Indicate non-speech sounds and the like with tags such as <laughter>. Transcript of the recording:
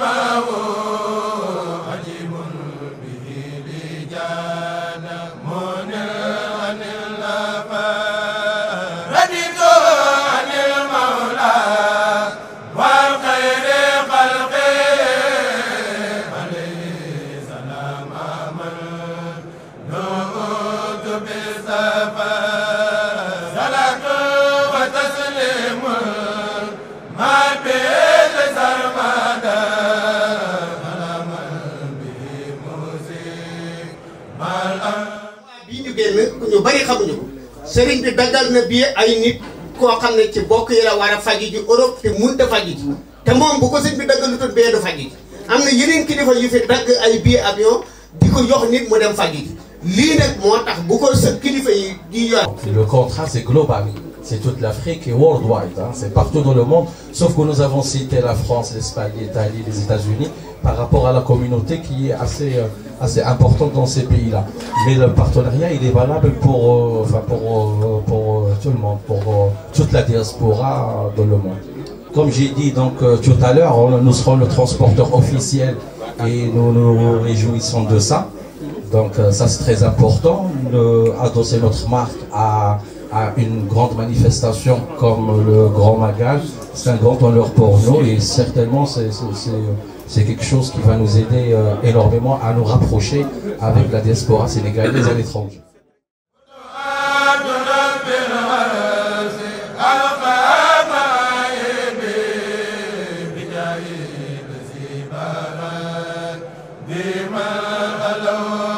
ba génn ñu bari xamuñu ko sëriñ bi daggal na bii ay nit koo xam ne ci bokk yi la war a faji ji Europe te mun te faji ji te moom bu ko sëñ bi daggalutoon bee faji ji am na yeneen kilifa yu fi dagg ay bii avion di ko jox nit mu dem faji ji lii nag moo tax bu ko sa kilifa yi di yor. le contrat c'est global. C'est toute l'Afrique et worldwide, hein, sauf que nous avons cité la France, l'Espagne, l'Italie, les États-Unis par rapport à la communauté qui est assez, euh, importante dans ces pays Mais le partenariat, il est valable pour, euh, euh, euh tout le monde, pour toute la diaspora dans le monde. Comme j'ai dit tout à l'heure, nous serons le transporteur officiel et nous nous réjouissons de ça. Donc ça c'est très notre marque à à une grande manifestation comme le Grand Magal, c'est un grand honneur pour nous et certainement c'est quelque chose qui va nous aider euh, énormément à nous rapprocher avec la diaspora sénégalaise à l'étranger. Amen. <laughs>